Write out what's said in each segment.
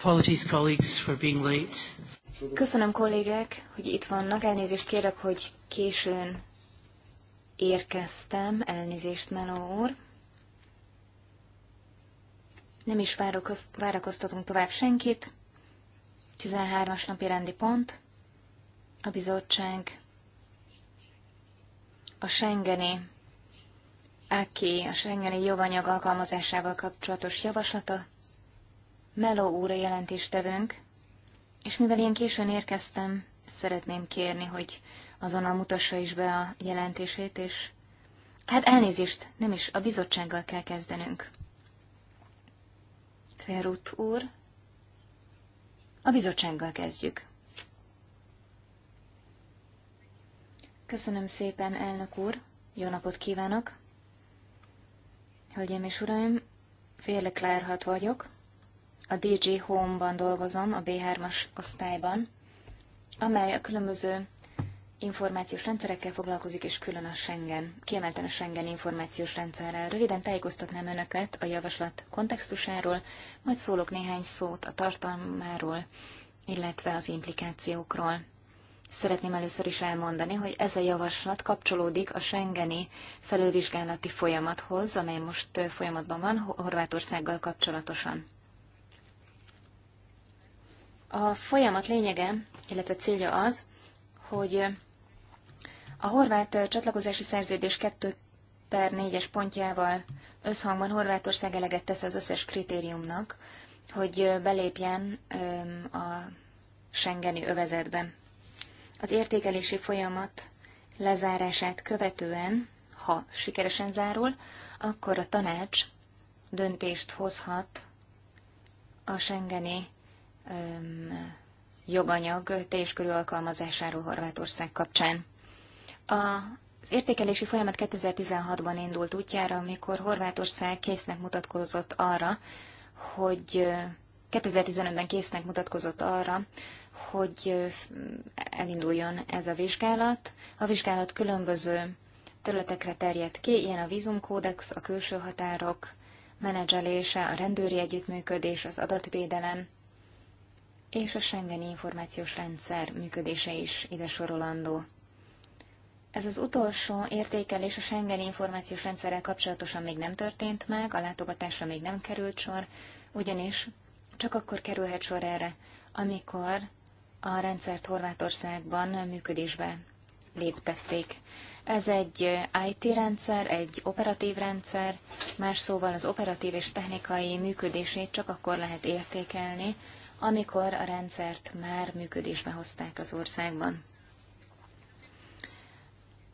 Apologies, colleagues, for being late. Köszönöm kollégák, hogy itt vannak. Elnézést kérek, hogy későn érkeztem. Elnézést, Meló úr. Nem is várakoztatunk tovább senkit. 13-as napi rendi pont. A bizottság a Schengeni Aki a Schengeni joganyag alkalmazásával kapcsolatos javaslata Meló úr jelentéstevőnk, és mivel én későn érkeztem, szeretném kérni, hogy azonnal mutassa is be a jelentését, és hát elnézést, nem is, a bizottsággal kell kezdenünk. Klerut úr, a bizottsággal kezdjük. Köszönöm szépen, elnök úr, jó napot kívánok! Hölgyeim és uraim, Féle Klárhat vagyok, a DJ Home-ban dolgozom, a B3-as osztályban, amely a különböző információs rendszerekkel foglalkozik, és külön a Schengen, kiemelten a Schengen információs rendszerrel. Röviden tájékoztatnám Önöket a javaslat kontextusáról, majd szólok néhány szót a tartalmáról, illetve az implikációkról. Szeretném először is elmondani, hogy ez a javaslat kapcsolódik a Schengeni felülvizsgálati folyamathoz, amely most folyamatban van Horvátországgal kapcsolatosan. A folyamat lényege, illetve célja az, hogy a horvát csatlakozási szerződés 2 per 4-es pontjával összhangban Horvátország eleget tesz az összes kritériumnak, hogy belépjen a Schengeni övezetbe. Az értékelési folyamat lezárását követően, ha sikeresen zárul, akkor a tanács döntést hozhat a Schengeni joganyag teljes körű alkalmazásáról Horvátország kapcsán. A Az értékelési folyamat 2016-ban indult útjára, amikor Horvátország késznek mutatkozott arra, hogy 2015-ben késznek mutatkozott arra, hogy elinduljon ez a vizsgálat. A vizsgálat különböző területekre terjed ki, ilyen a vízumkódex, a külső határok menedzselése, a rendőri együttműködés, az adatvédelem, és a Schengeni információs rendszer működése is ide sorolandó. Ez az utolsó értékelés a Schengeni információs rendszerrel kapcsolatosan még nem történt meg, a látogatásra még nem került sor, ugyanis csak akkor kerülhet sor erre, amikor a rendszert Horvátországban működésbe léptették. Ez egy IT rendszer, egy operatív rendszer, más szóval az operatív és technikai működését csak akkor lehet értékelni, amikor a rendszert már működésbe hozták az országban.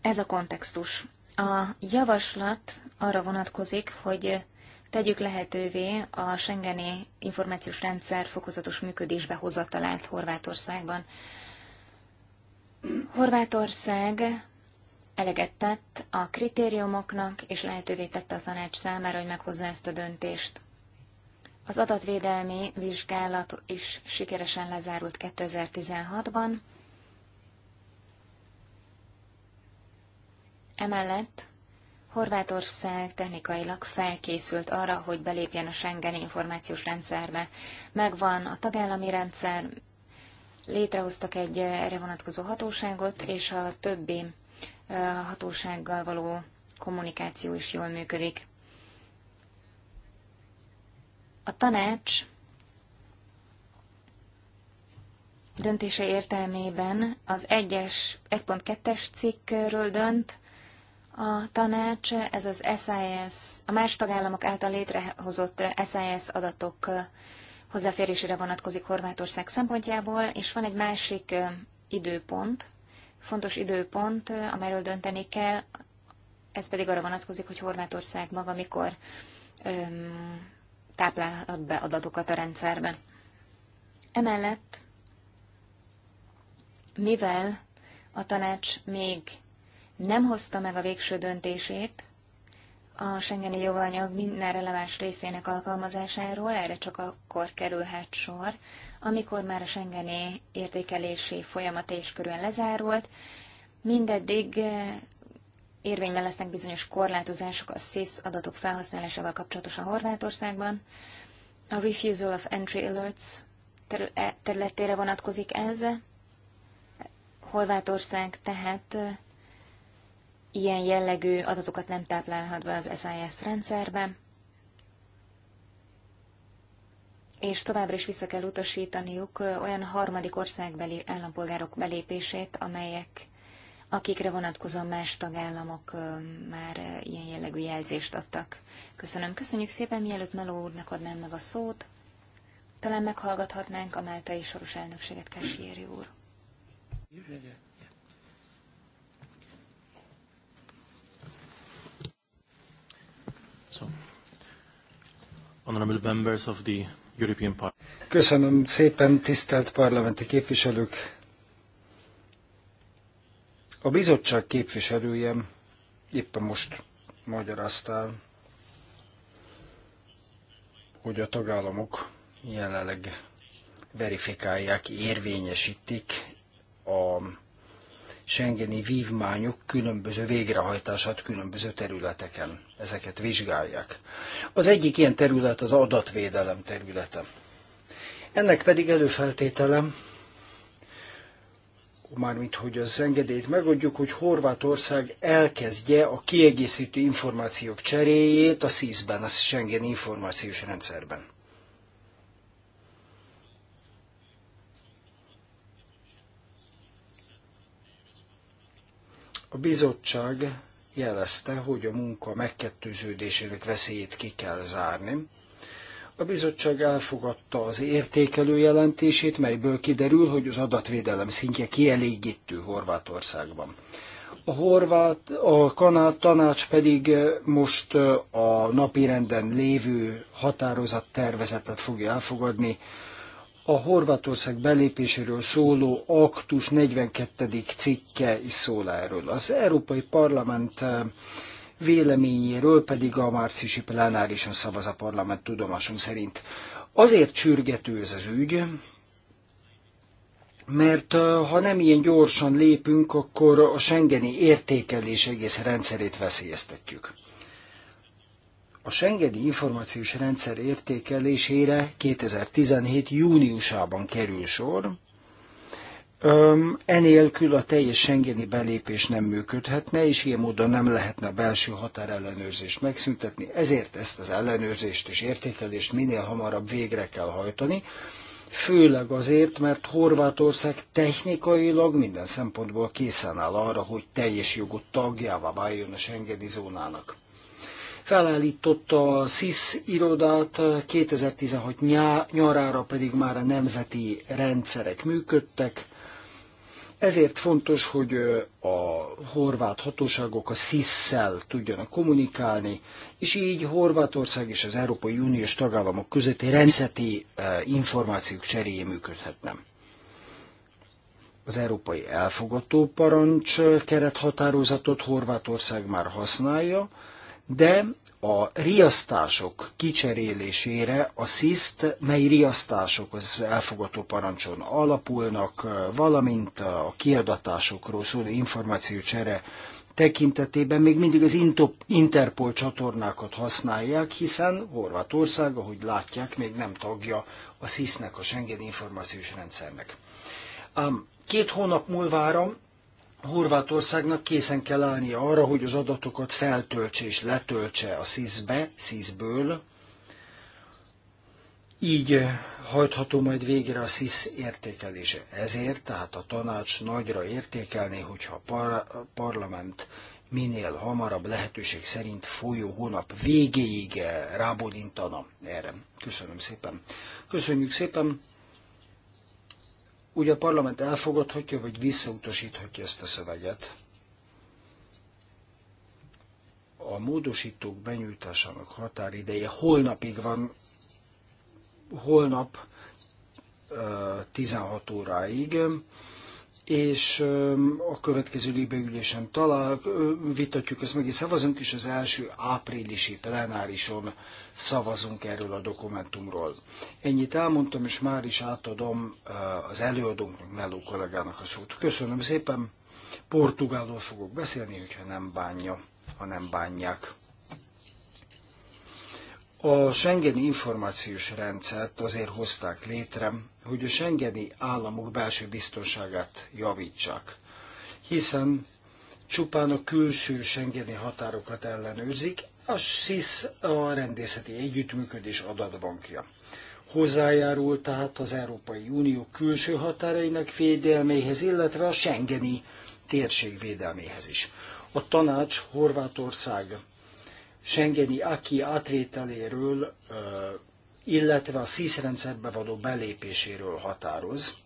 Ez a kontextus. A javaslat arra vonatkozik, hogy tegyük lehetővé a Schengeni információs rendszer fokozatos működésbe hozatalát Horvátországban. Horvátország eleget tett a kritériumoknak, és lehetővé tette a tanács számára, hogy meghozza ezt a döntést. Az adatvédelmi vizsgálat is sikeresen lezárult 2016-ban. Emellett Horvátország technikailag felkészült arra, hogy belépjen a Schengen információs rendszerbe. Megvan a tagállami rendszer, létrehoztak egy erre vonatkozó hatóságot, és a többi hatósággal való kommunikáció is jól működik. A tanács döntése értelmében az 1-es, 1.2-es cikkről dönt a tanács, ez az SIS, a más tagállamok által létrehozott SIS adatok hozzáférésére vonatkozik Horvátország szempontjából, és van egy másik időpont, fontos időpont, amelyről dönteni kell, ez pedig arra vonatkozik, hogy Horvátország maga mikor öm, táplálhat be adatokat a rendszerbe. Emellett, mivel a tanács még nem hozta meg a végső döntését a Schengeni joganyag minden releváns részének alkalmazásáról, erre csak akkor kerülhet sor, amikor már a Schengeni értékelési folyamat és körülön lezárult, mindeddig érvényben lesznek bizonyos korlátozások a SIS adatok felhasználásával kapcsolatosan Horvátországban. A Refusal of Entry Alerts e területére vonatkozik ez. Horvátország tehát ilyen jellegű adatokat nem táplálhat be az SIS rendszerbe, és továbbra is vissza kell utasítaniuk olyan harmadik országbeli állampolgárok belépését, amelyek akikre vonatkozóan más tagállamok már ilyen jellegű jelzést adtak. Köszönöm. Köszönjük szépen, mielőtt Meló úrnak adnám meg a szót. Talán meghallgathatnánk a Máltai Soros elnökséget, Kásieri úr. members of the European Parliament. Köszönöm szépen, tisztelt parlamenti képviselők, a bizottság képviselője éppen most magyaráztál, hogy a tagállamok jelenleg verifikálják, érvényesítik a Schengeni vívmányok különböző végrehajtását különböző területeken. Ezeket vizsgálják. Az egyik ilyen terület az adatvédelem területe. Ennek pedig előfeltételem, mármint hogy az engedélyt megadjuk, hogy Horvátország elkezdje a kiegészítő információk cseréjét a sis ben a Schengen információs rendszerben. A bizottság jelezte, hogy a munka megkettőződésének veszélyét ki kell zárni, a bizottság elfogadta az értékelő jelentését, melyből kiderül, hogy az adatvédelem szintje kielégítő Horvátországban. A horvát, a kanát tanács pedig eh, most eh, a napirenden lévő határozat tervezetet fogja elfogadni. A Horvátország belépéséről szóló aktus 42. cikke is szól erről. Az Európai Parlament eh, véleményéről pedig a márciusi plenárison szavaz a parlament tudomásom szerint. Azért sürgető ez az ügy, mert ha nem ilyen gyorsan lépünk, akkor a Schengeni értékelés egész rendszerét veszélyeztetjük. A Schengeni információs rendszer értékelésére 2017. júniusában kerül sor, Öm, enélkül a teljes Schengeni belépés nem működhetne, és ilyen módon nem lehetne a belső határellenőrzést megszüntetni, ezért ezt az ellenőrzést és értékelést minél hamarabb végre kell hajtani, főleg azért, mert Horvátország technikailag minden szempontból készen áll arra, hogy teljes jogot tagjává váljon a Schengeni zónának felállította a SIS irodát, 2016 eh, nyarára pedig már a nemzeti rendszerek működtek, ezért fontos, hogy a horvát hatóságok a SZISZ-szel tudjanak kommunikálni, és így Horvátország és az Európai Uniós tagállamok közötti rendszeti információk cseréje működhetne. Az Európai Elfogató Parancs kerethatározatot Horvátország már használja, de a riasztások kicserélésére a SZISZT, mely riasztások az elfogadó parancson alapulnak, valamint a kiadatásokról szóló információcsere tekintetében még mindig az Interpol csatornákat használják, hiszen Horvátország, ahogy látják, még nem tagja a SZISZ-nek, a Schengen információs rendszernek. két hónap múlvára Horvátországnak készen kell állnia arra, hogy az adatokat feltöltse és letöltse a sis be sis ből Így eh, hajtható majd végre a SIS értékelése. Ezért tehát a tanács nagyra értékelné, hogyha a par- parlament minél hamarabb lehetőség szerint folyó hónap végéig eh, rábólintana erre. Köszönöm szépen. Köszönjük szépen úgy a parlament elfogadhatja, vagy visszautasíthatja ezt a szöveget. A módosítók benyújtásának határideje holnapig van, holnap 16 óráig és a következő libeülésen talál, vitatjuk ezt meg, és szavazunk, is az első áprilisi plenárison szavazunk erről a dokumentumról. Ennyit elmondtam, és már is átadom az előadónknak, Melló kollégának a szót. Köszönöm szépen, portugálról fogok beszélni, hogyha nem bánja, ha nem bánják. A Schengen információs rendszert azért hozták létre, hogy a Schengeni államok belső biztonságát javítsák, hiszen csupán a külső Schengeni határokat ellenőrzik, a SIS a rendészeti együttműködés adatbankja. Hozzájárul tehát az Európai Unió külső határainak védelméhez, illetve a Schengeni térség védelméhez is. A tanács Horvátország Schengeni aki átvételéről illetve a SZISZ való belépéséről határoz.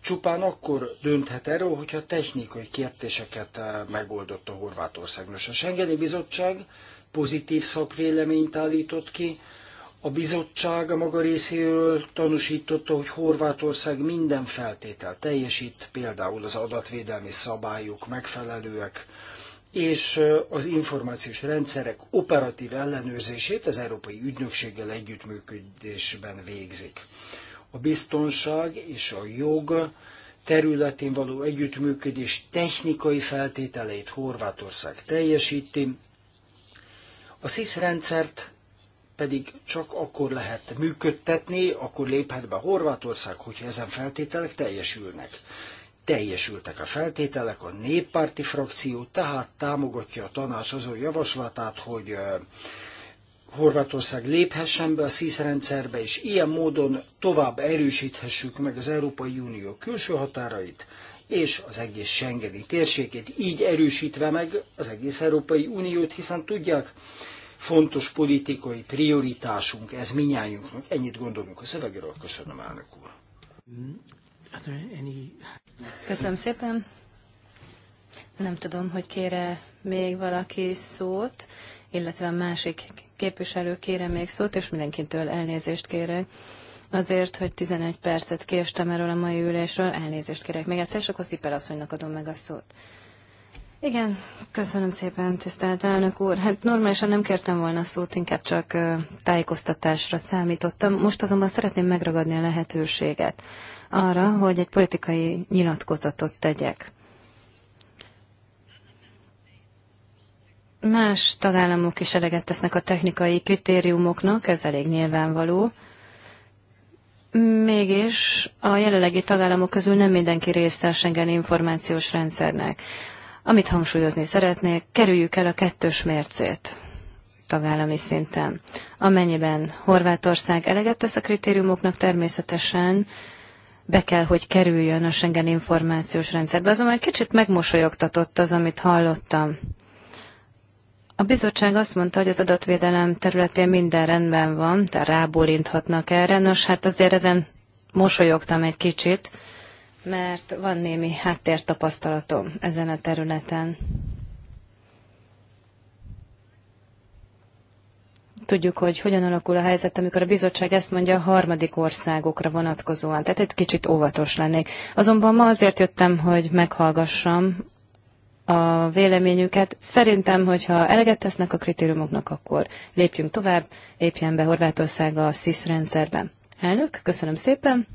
Csupán akkor dönthet erről, hogyha technikai kérdéseket eh, megoldott a Horvátország. Nos, a Schengeni Bizottság pozitív szakvéleményt állított ki, a bizottság a maga részéről tanúsította, hogy Horvátország minden feltétel teljesít, például az adatvédelmi szabályok megfelelőek, és az információs rendszerek operatív ellenőrzését az Európai Ügynökséggel együttműködésben végzik. A biztonság és a jog területén való együttműködés technikai feltételeit Horvátország teljesíti, a SZISZ rendszert pedig csak akkor lehet működtetni, akkor léphet be Horvátország, hogyha ezen feltételek teljesülnek teljesültek a feltételek, a néppárti frakció tehát támogatja a tanács azon javaslatát, hogy Horvátország léphessen be a SZISZ rendszerbe, és ilyen módon tovább erősíthessük meg az Európai Unió külső határait, és az egész Schengeni térségét, így erősítve meg az egész Európai Uniót, hiszen tudják, fontos politikai prioritásunk, ez minnyájunknak. Ennyit gondolunk a szövegről. Köszönöm, elnök úr. Köszönöm szépen. Nem tudom, hogy kére még valaki szót, illetve a másik képviselő kére még szót, és mindenkitől elnézést kérek. Azért, hogy 11 percet késtem erről a mai ülésről, elnézést kérek még egyszer, és akkor Szipel asszonynak adom meg a szót. Igen, köszönöm szépen, tisztelt elnök úr. Hát normálisan nem kértem volna szót, inkább csak tájékoztatásra számítottam. Most azonban szeretném megragadni a lehetőséget arra, hogy egy politikai nyilatkozatot tegyek. Más tagállamok is eleget tesznek a technikai kritériumoknak, ez elég nyilvánvaló. Mégis a jelenlegi tagállamok közül nem mindenki része a Schengen információs rendszernek. Amit hangsúlyozni szeretnék, kerüljük el a kettős mércét tagállami szinten. Amennyiben Horvátország eleget tesz a kritériumoknak, természetesen be kell, hogy kerüljön a Schengen információs rendszerbe. Azonban egy kicsit megmosolyogtatott az, amit hallottam. A bizottság azt mondta, hogy az adatvédelem területén minden rendben van, tehát rábólinthatnak erre. Nos, hát azért ezen mosolyogtam egy kicsit mert van némi háttértapasztalatom ezen a területen. Tudjuk, hogy hogyan alakul a helyzet, amikor a bizottság ezt mondja a harmadik országokra vonatkozóan. Tehát egy kicsit óvatos lennék. Azonban ma azért jöttem, hogy meghallgassam a véleményüket. Szerintem, hogyha eleget tesznek a kritériumoknak, akkor lépjünk tovább, lépjen be Horvátország a SZISZ rendszerben. Elnök, köszönöm szépen.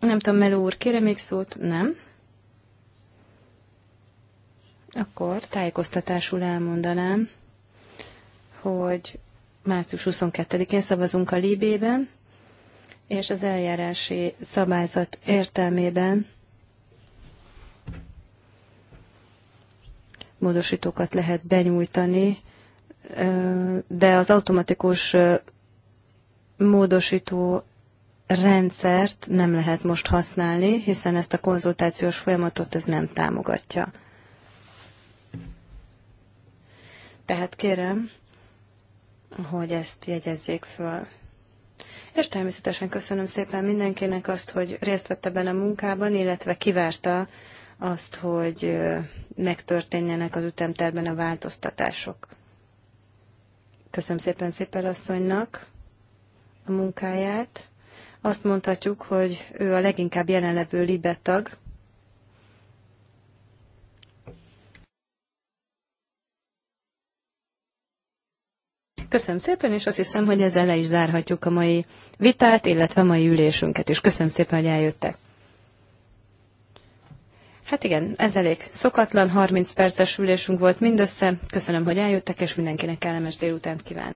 Nem tudom, Meló úr, kérem még szót? Nem? Akkor tájékoztatásul elmondanám, hogy március 22-én szavazunk a Libében, és az eljárási szabályzat értelmében módosítókat lehet benyújtani, de az automatikus módosító rendszert nem lehet most használni, hiszen ezt a konzultációs folyamatot ez nem támogatja. Tehát kérem, hogy ezt jegyezzék föl. És természetesen köszönöm szépen mindenkinek azt, hogy részt vett ebben a munkában, illetve kivárta azt, hogy megtörténjenek az ütemterben a változtatások. Köszönöm szépen szépen asszonynak a munkáját. Azt mondhatjuk, hogy ő a leginkább jelenlevő libetag. Köszönöm szépen, és azt hiszem, hogy ezzel le is zárhatjuk a mai vitát, illetve a mai ülésünket is. Köszönöm szépen, hogy eljöttek. Hát igen, ez elég szokatlan, 30 perces ülésünk volt mindössze. Köszönöm, hogy eljöttek, és mindenkinek kellemes délutánt kívánok.